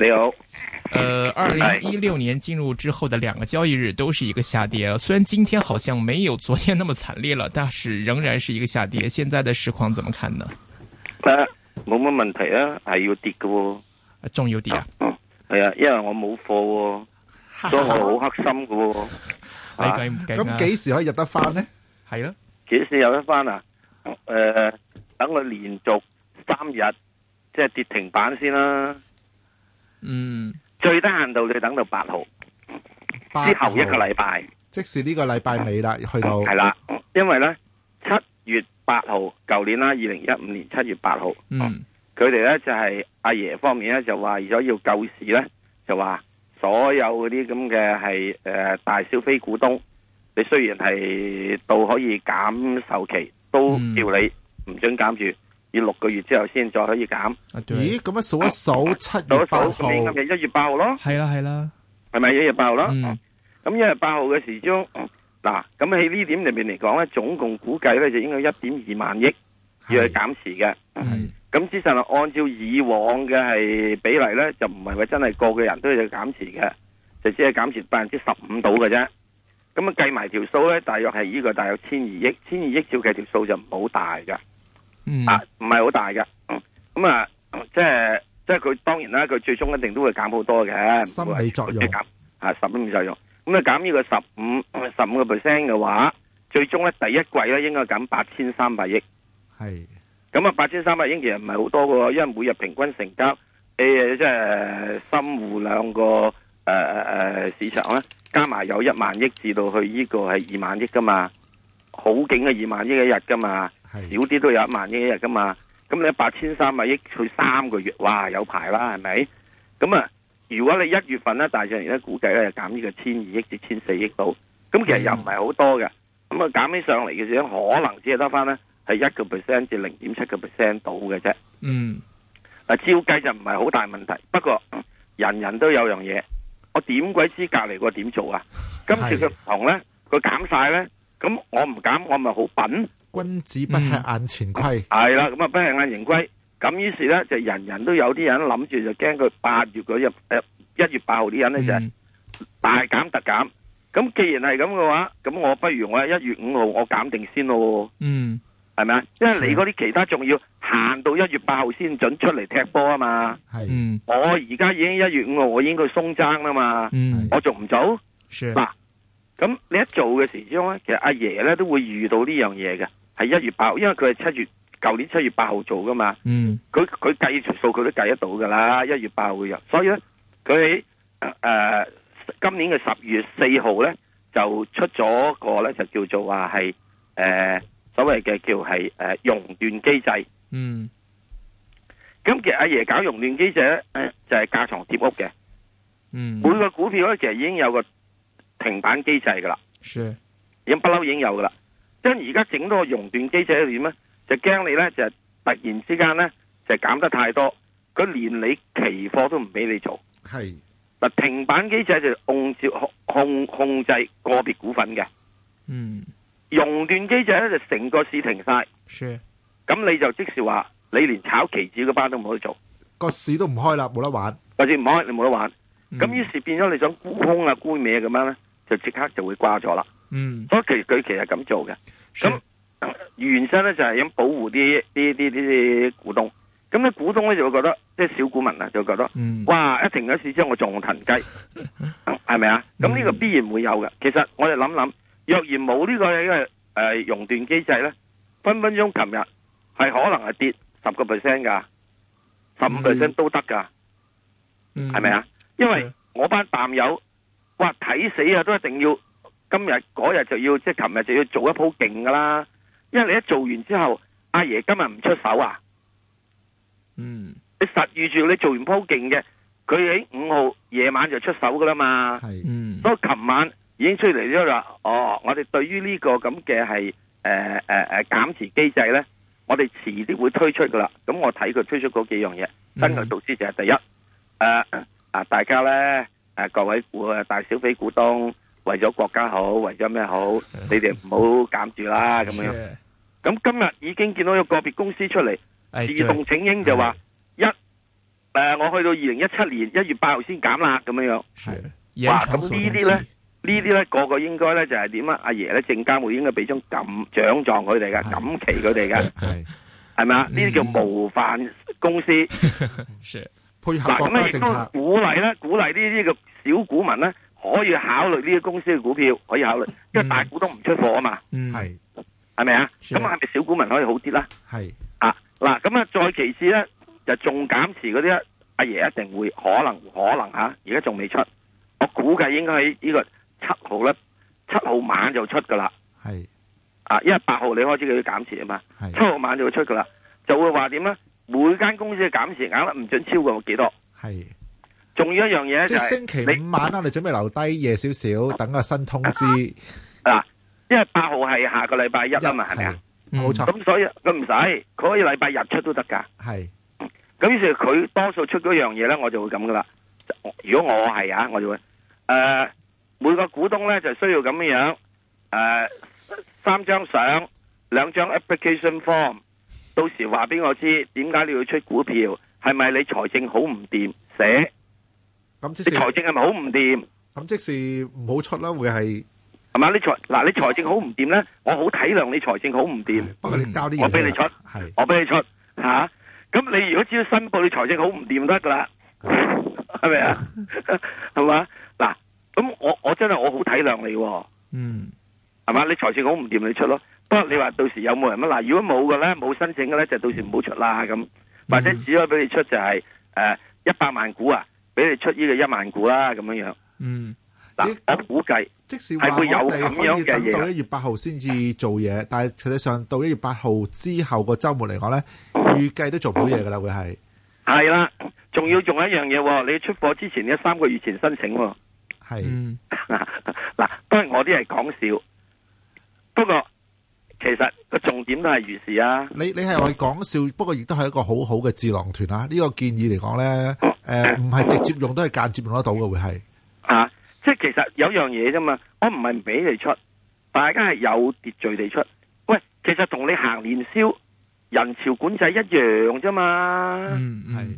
你好，呃，二零一六年進入之後的兩個交易日都是一個下跌，雖然今天好像沒有昨天那麼慘烈了，但是仍然是一個下跌。現在的市況怎麼看呢？冇乜問題啊，係要跌嘅、哦，仲要跌啊，嗯、啊，係、哦、啊，因為我冇貨、哦，所以我好黑心嘅、哦，你計唔計？咁幾時可以入得翻呢？係咯，幾時入得翻啊？誒、啊呃，等佢連續三日即係、就是、跌停板先啦、啊。嗯，最低限度你等到八號，日之後一個禮拜，即是呢個禮拜尾啦，是去到係啦，因為咧七月八號，舊年啦，二零一五年七月八號，嗯，佢哋咧就係阿爺方面咧就話如果要救市咧，就話所有嗰啲咁嘅係誒大小非股東，你雖然係到可以減售期，都叫你唔准減住。嗯要六個月之後先再可以減,減。啊、對咦？咁樣數一數，七、啊、月八號，一月八號咯。係啦、嗯，係啦，係、嗯、咪一月八號咯？咁一月八號嘅時鐘，嗱，咁喺呢點裏面嚟講咧，總共估計咧就應該一點二萬億要去減持嘅。咁事實上，按照以往嘅係比例咧，就唔係話真係個個人都要減持嘅，就只係減持百分之十五度嘅啫。咁啊計埋條數咧，大約係呢、這個大約千二億，千二億少計條數就唔好大嘅。嗯、啊，唔係好大嘅，咁、嗯嗯、啊，即係即係佢當然啦，佢最終一定都會減好多嘅心理作用，啊，十五作用，咁啊減呢、嗯、個十五十五個 percent 嘅話，最終咧第一季咧應該減八千三百億，係是，咁啊八千三百億其實唔係好多嘅，因為每日平均成交誒、呃、即係深滬兩個誒誒、呃呃、市場咧，加埋有一萬億至到去呢個係二萬億噶嘛，好勁嘅二萬億一日噶嘛。少啲都有一萬億一日噶嘛，咁你八千三百億去三個月，哇有排啦係咪？咁啊，如果你一月份咧，大上嚟咧，估計咧就減呢個千二億至千四億度，咁其實又唔係好多嘅。咁啊，減起上嚟嘅時候可能只係得翻咧，係一個 percent 至零點七個 percent 到嘅啫。嗯，啊照計就唔係好大問題。不過人人都有樣嘢，我點鬼知隔籬個點做啊？今次佢唔同咧，佢減晒咧，咁我唔減，我咪好笨？君子不食眼前虧，嗯，係啦，咁啊，不食眼前虧。咁於是咧，就人人都有啲人諗住，就驚佢八月嗰日，誒、嗯，一月八號啲人咧就大減特減。咁既然係咁嘅話，咁我不如我喺一月五號我減定先咯。嗯，係咪啊？因為你嗰啲其他仲要行到一月八號先准出嚟踢波啊嘛。係、嗯，我而家已經一月五號，我已經佢鬆踭啦嘛。嗯、我仲唔早。嗱是，咁、啊、你一做嘅時之中咧，其實阿爺咧都會遇到呢樣嘢嘅。係一月八號，因為佢係七月，舊年七月八號做噶嘛。嗯。佢佢計數，佢都計得到噶啦。一月八號嘅，所以咧，佢喺誒今年嘅十月四號咧，就出咗個咧，就叫做話係誒所謂嘅叫係誒、呃、熔斷機制。嗯。咁其實阿爺搞熔斷機制呢，誒就係、是、架床貼屋嘅。嗯。每個股票咧其實已經有個停板機制噶啦。是。已經不嬲，已經有噶啦。因而家整多個熔斷機制係點咧？就驚你咧就突然之間咧就減得太多，佢連你期貨都唔俾你做。係嗱是，停板機制就控控控制個別股份嘅。嗯，熔斷機制咧就成個市停晒。咁是你就即時話你連炒期指嗰班都冇得做，個市都唔開啦，冇得玩。或者唔開你冇得玩，咁於、嗯、是變咗你想沽空啊沽呀咁樣咧，就即刻就會掛咗啦。嗯，所以其實佢其實係咁做嘅。咁是原身咧就係咁保護啲啲啲啲股東。咁啲股東咧就會覺得，即、就、係、是、小股民啊就會覺得，嗯、哇！一停咗市之後我仲騰雞，係咪 啊？咁呢個必然會有嘅。其實我哋諗諗，若然冇、這個呃、呢個誒熔斷機制咧，分分鐘琴日係可能係跌十個 percent 噶，十五 percent 都得噶，係咪、嗯、啊？是因為我班淡友哇睇死啊都一定要。今日嗰日就要，即係琴日就要做一鋪勁噶啦，因為你一做完之後，阿爺今日唔出手啊，嗯，你實預住你做完鋪勁嘅，佢喺五號夜晚就出手噶啦嘛，係，嗯，所以琴晚已經出嚟咗啦，哦，我哋對於呢個咁嘅係，誒誒誒減持機制咧，我哋遲啲會推出噶啦，咁我睇佢推出嗰幾樣嘢，新嘅投資就係第一，誒啊、嗯呃、大家咧，誒、呃、各位股誒大小非股東。為咗國家好，為咗咩好？你哋唔好減住啦，咁樣。咁今日已經見到有個別公司出嚟自動請纓，就話一，誒，我去到二零一七年一月八號先減啦，咁樣樣。係，哇！咁呢啲咧，呢啲咧個個應該咧就係點啊？阿爺咧，證監會應該俾張錦獎狀佢哋嘅錦旗佢哋嘅，係咪啊？呢啲叫模範公司，配合國家政策，亦都鼓勵咧，鼓勵呢啲嘅小股民咧。可以考慮呢啲公司嘅股票，可以考慮，因為大股東唔出貨啊嘛，係、嗯，係咪啊？咁係咪小股民可以好啲啦？係是，啊，嗱，咁啊，再其次咧，就仲減持嗰啲阿爺一定會可能可能吓，而家仲未出，我估計應該喺呢個七號咧，七號晚就出噶啦，係是，啊，因為八號你開始要減持啊嘛，是七號晚就會出噶啦，就會話點咧？每間公司嘅減持額唔准超過幾多？係。仲有一樣嘢，就是，即係星期五晚啦，你，你準備留低夜少少，等個新通知嗱，因為八號係下個禮拜一啊嘛，係咪啊？冇錯。咁、嗯嗯、所以佢唔使，佢可以禮拜日出都得噶。係咁是，於是佢多數出嗰樣嘢咧，我就會咁噶啦。如果我係啊，我就會誒、呃，每個股東咧就需要咁樣樣誒、呃，三張相，兩張 application form，到時話俾我知點解你要出股票，係咪你財政好唔掂？寫。咁，你財政係咪好唔掂？咁即時唔好出啦，會係係係咪啊？你財嗱，你財政好唔掂咧，我好體諒你財政好唔掂，啊嗯。不過你交啲，我俾你出，係我俾你出吓。咁你如果只要申報你財政好唔掂得噶啦，係咪啊？係嘛？嗱，咁我我真係我好體諒你。嗯，係嘛？你財政好唔掂，你出咯。不過你話到時有冇人咧？嗱、啊，如果冇嘅咧，冇申請嘅咧，就到時唔好出啦。咁或者只可以俾你出就係誒一百萬股啊。俾你出呢個一萬股啦，咁樣樣。嗯，嗱，我估計即使係會有咁樣嘅嘢，到一月八號先至做嘢，但係實際上到一月八號之後個周末嚟講咧，嗯、預計都做唔到嘢噶啦，會係、嗯。係啦，仲要仲一樣嘢，你出貨之前呢三個月前申請。係是。嗱、嗯，當然 我啲係講笑，不過。其實個重點都係如是啊！你你係我講笑，不過亦都係一個好好嘅智囊團啊！呢個建議嚟講咧，誒唔係直接用都係間接用得到嘅，會係啊！即係其實有樣嘢啫嘛，我唔係唔俾你出，大家係有秩序地出。喂，其實同你行年宵人潮管制一樣啫嘛，係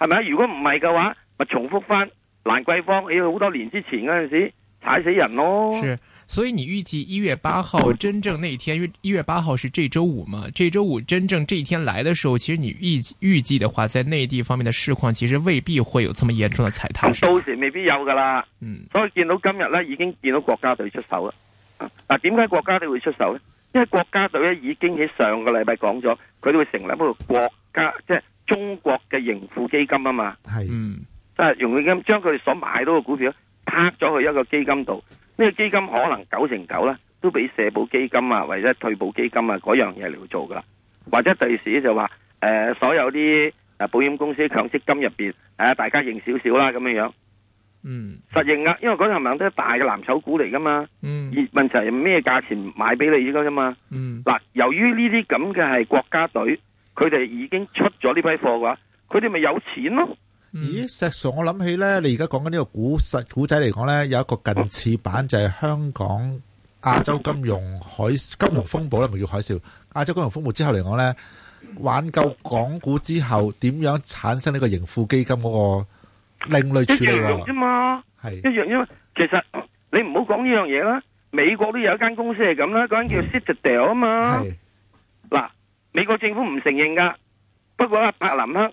係咪啊？如果唔係嘅話，咪重複翻蘭桂坊，誒，好多年之前嗰陣時踩死人咯。所以你預計一月八號真正那天，因為一月八號是這周五嘛？這周五真正這一天來的時候，其實你預預計的話，在內地方面的市況其實未必會有這麼嚴重的踩踏。到時未必有噶啦，嗯。所以見到今日咧，已經見到國家隊出手啦。啊，點解國家隊會出手呢？因為國家隊咧已經喺上個禮拜講咗，佢都會成立一個國家，即係中國嘅盈富基金啊嘛。係的，嗯，即係匯金將佢哋所買到嘅股票撥咗去一個基金度。呢個基金可能九成九咧，都俾社保基金啊，或者退保基金啊嗰樣嘢嚟做噶啦，或者第時就話誒、呃，所有啲誒保險公司的強積金入邊誒，大家認少少啦咁樣樣，嗯，實認啊，因為嗰啲係咪都係大嘅藍籌股嚟噶嘛，嗯，而問題係咩價錢買俾你而家啫嘛，嗯，嗱，由於呢啲咁嘅係國家隊，佢哋已經出咗呢批貨嘅話，佢哋咪有錢咯。咦，石 Sir，我諗起咧，你而家講緊呢個古實古仔嚟講咧，有一個近似版就係香港亞洲金融海金融風暴咧，唔叫海嘯。亞洲金融風暴之後嚟講咧，挽救港股之後，點樣產生呢個盈富基金嗰個另類處理法？一樣啫嘛，係一樣，因為其實你唔好講呢樣嘢啦。美國都有一間公司係咁啦，嗰間叫 Citadel 啊嘛。嗱，美國政府唔承認噶，不過阿柏林克。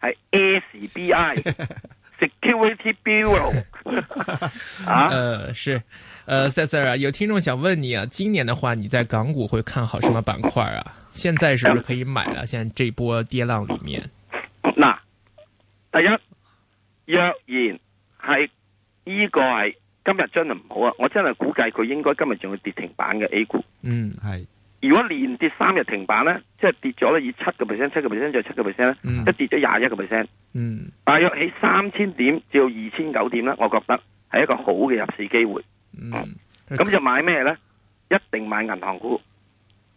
係 SBI Security Bureau 啊，誒、呃，是，誒，Sir 啊，esar, 有聽眾想問你啊，今年的話，你在港股會看好什麼板塊啊？現在是不是可以買啊？現在這波跌浪裏面，那、呃、第一，若然係呢個係今日真係唔好啊，我真係估計佢應該今日仲會跌停板嘅 A 股，嗯，係。如果連跌三日停板咧，即係跌咗咧，以七個 percent、七個 percent 再七個 percent 咧，即、嗯、跌咗廿一個 percent，大約喺三千點至到二千九點咧，我覺得係一個好嘅入市機會。咁、嗯嗯、就買咩咧？一定買銀行股，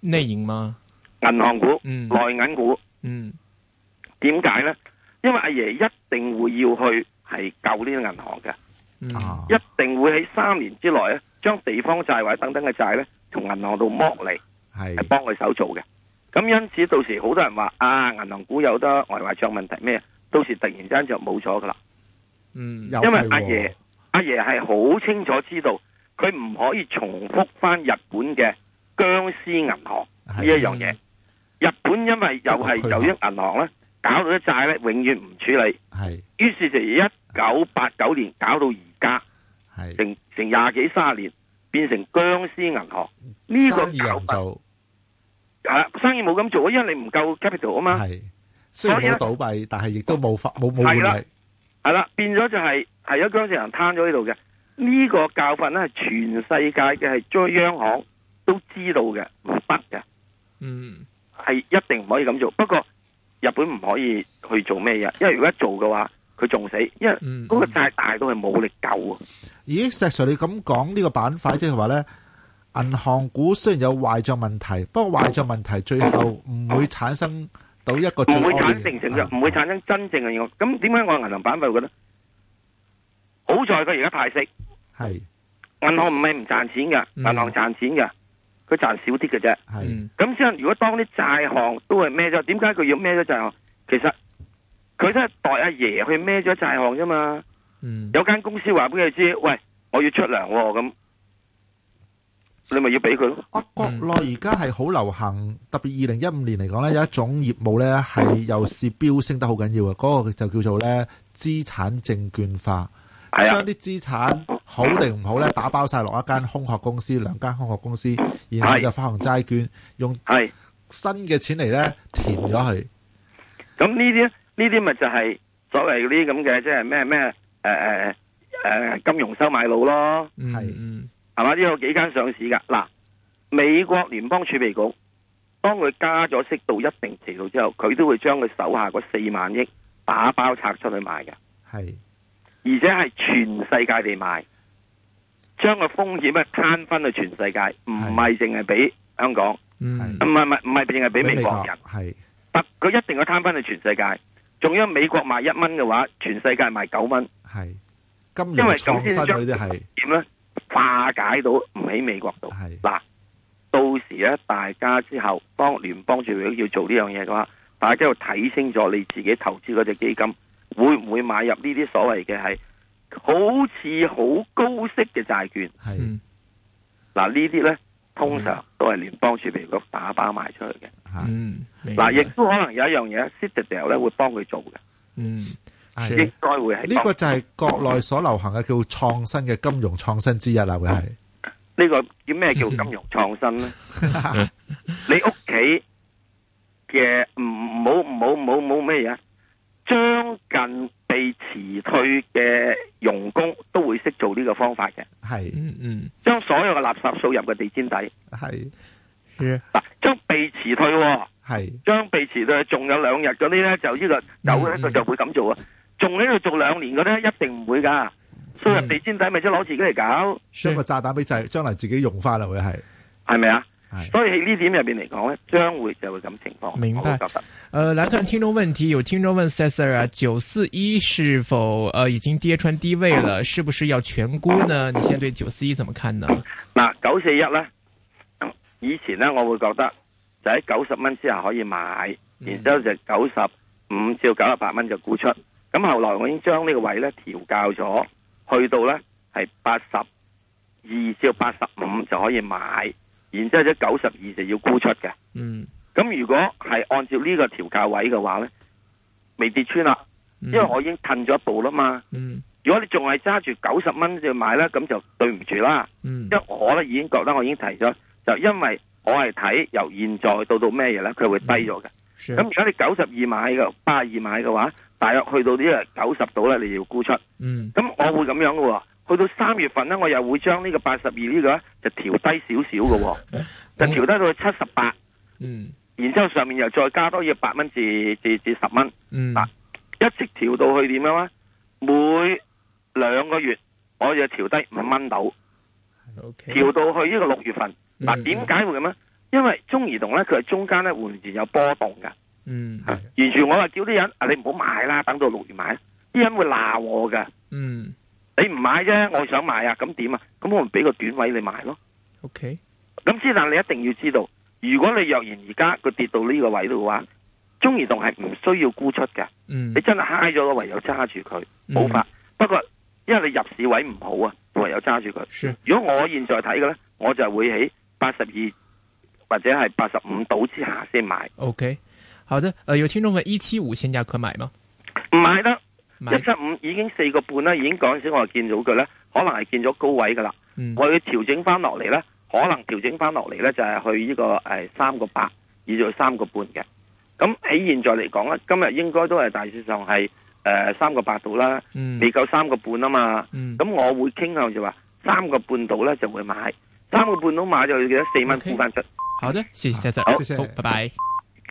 咩型啊？銀行股、內銀、嗯、股，點解咧？因為阿爺一定會要去係救呢啲銀行嘅，嗯啊、一定會喺三年之內咧，將地方債或者等等嘅債咧，從銀行度剝嚟。係幫佢手做嘅，咁因此到時好多人話啊，銀行股有得呆壞賬問題咩？到時突然間就冇咗㗎喇。嗯，因為阿爺、嗯、阿爺係好清楚知道，佢唔可以重複翻日本嘅僵屍銀行呢一樣嘢。的日本因為又係有啲銀行咧，搞到啲債咧永遠唔處理，係的。於是就一九八九年搞到而家，係的成成廿幾卅年。變成僵屍銀行呢、這個有做，係啦，生意冇咁做，因為你唔夠 capital 啊嘛。係雖然好倒閉，但係亦都冇法，冇冇換利。係啦，變咗就係係咗僵屍人攤咗呢度嘅呢個教訓咧，係全世界嘅係中央行都知道嘅，唔得嘅。嗯，係一定唔可以咁做。不過日本唔可以去做咩嘢，因為如果一做嘅話。佢仲死，因為嗰個債大到係冇力救啊！咦，石 Sir，你咁講呢個板塊，即係話咧，銀行股雖然有壞賬問題，不過壞賬問題最後唔會產生到一個唔會產生，唔會產生真正嘅影響。咁點解我銀行板塊會覺得好在佢而家派息，係銀行唔係唔賺錢嘅，銀行賺錢嘅，佢賺少啲嘅啫。係咁，所以如果當啲債項都係咩咗，點解佢要咩咗債項？其實。佢都係代阿爺去孭咗債項啫嘛。嗯、有間公司話俾佢知，喂，我要出糧喎，咁你咪要俾佢咯。啊，國內而家係好流行，特別二零一五年嚟講咧，有一種業務咧係又是飆升得好緊要啊。嗰個就叫做咧資產證券化，將啲資產好定唔好咧，打包晒落一間空殼公司，兩間空殼公司，然後就發行債券，用新嘅錢嚟咧填咗佢。咁呢啲咧？呢啲咪就係所謂嗰啲咁嘅，即係咩咩誒誒誒，金融收買佬咯，係、嗯，係嘛？呢、嗯、個幾間上市㗎。嗱，美國聯邦儲備局當佢加咗息到一定程度之後，佢都會將佢手下個四萬億打包拆出去賣嘅，係是，而且係全世界地賣，將個風險咧攤翻去全世界，唔係淨係俾香港，唔係唔係唔係淨係俾美國人，係，但佢一定要攤翻去全世界。仲要美國賣一蚊嘅話，全世界賣九蚊，係，是因為咁先將都係點咧？化解到唔喺美國度係，嗱是，到時咧大家之後當聯邦儲備要做呢樣嘢嘅話，大家要睇清楚你自己投資嗰隻基金會唔會買入呢啲所謂嘅係好似好高息嘅債券，係是，嗱、嗯、呢啲咧。通常都係聯邦儲備局打包賣出去嘅，吓嗱、嗯，亦都可能有一樣嘢，Citadel 咧會幫佢做嘅，嗯，應該會係呢個就係國內所流行嘅叫創新嘅金融創新之一啦，會係呢個叫咩叫金融創新咧？ 你屋企嘅唔好唔好唔好唔好咩嘢？將近。被辭退嘅傭工都會識做呢個方法嘅，係，嗯嗯，將所有嘅垃圾掃入個地氈底，係，嗱，將被辭退，係是，將被辭退，仲有兩日嗰啲咧，就呢個搞呢佢就會咁做啊，仲喺度做兩年嗰啲一定唔會噶，掃入地氈底咪即攞自己嚟搞，將個炸彈俾制，將來自己用翻啦，會係，係咪啊？所以喺呢點入邊嚟講咧，將會就會咁情況。明白，覺得、誒、呃，來看聽眾問題，有聽眾問 Sir 啊，九四一是否誒、呃、已經跌穿低位了？是不是要全沽呢？你先對九四一怎麼看呢？嗱、啊，九四一呢，以前呢，我會覺得就喺九十蚊之下可以買，嗯、然之後就九十五至到九十八蚊就沽出。咁後來我已經將呢個位咧調校咗，去到呢係八十二至到八十五就可以買。然之後咧，九十二就要沽出嘅。咁、嗯、如果係按照呢個調價位嘅話咧，未跌穿啦，因為我已經褪咗一步啦嘛。嗯、如果你仲係揸住九十蚊就買咧，咁就對唔住啦。嗯、因為我咧已經覺得我已經提咗，就因為我係睇由現在到到咩嘢咧，佢會低咗嘅。咁、嗯、如果你九十二買嘅，八二買嘅話，大約去到呢個九十度咧，你要沽出。咁、嗯、我會咁樣嘅喎。去到三月份咧，我又會將呢個八十二呢個就調低少少嘅，就調低到去七十八。 嗯，78，嗯然之後上面又再加多八蚊至至至十蚊。嗯、啊，一直調到去點樣咧？每兩個月我又調低五蚊到，元 Okay. 調到去呢個六月份。嗱、啊，點解、嗯、會咁咧？因為中移動咧，佢係中間咧完全有波動嘅。嗯，完全、啊、的我話叫啲人啊，你唔好買啦，等到六月買，啲人會鬧我嘅。嗯。你唔買啫，我想買啊！咁點啊？咁我俾個短位你買咯。OK。咁之但你一定要知道，如果你若然而家佢跌到呢個位度嘅話，中移動係唔需要沽出嘅。嗯、你真係嗨咗，唯有揸住佢，冇、嗯、法。不過，因為你入市位唔好啊，唯有揸住佢。是。如果我現在睇嘅呢，我就會喺八十二或者係八十五度之下先買。OK。好的，誒、呃，有聽眾問，一七五現價可買嗎？唔買得。嗯一七五已經四個半啦，已經嗰陣時我見到佢咧，可能係見咗高位噶啦。Mm. 我要調整翻落嚟咧，可能調整翻落嚟咧就係去呢、這個誒、呃、三個八，要做三個半嘅。咁喺現在嚟講咧，今日應該都係大致上係誒、呃、三個八度啦，未夠三個半啊嘛？咁、mm. 我會傾向就話三個半度咧就會買，三個半度買就記得四蚊沽返出。Okay. 好的，謝謝、Sir、好，拜拜謝。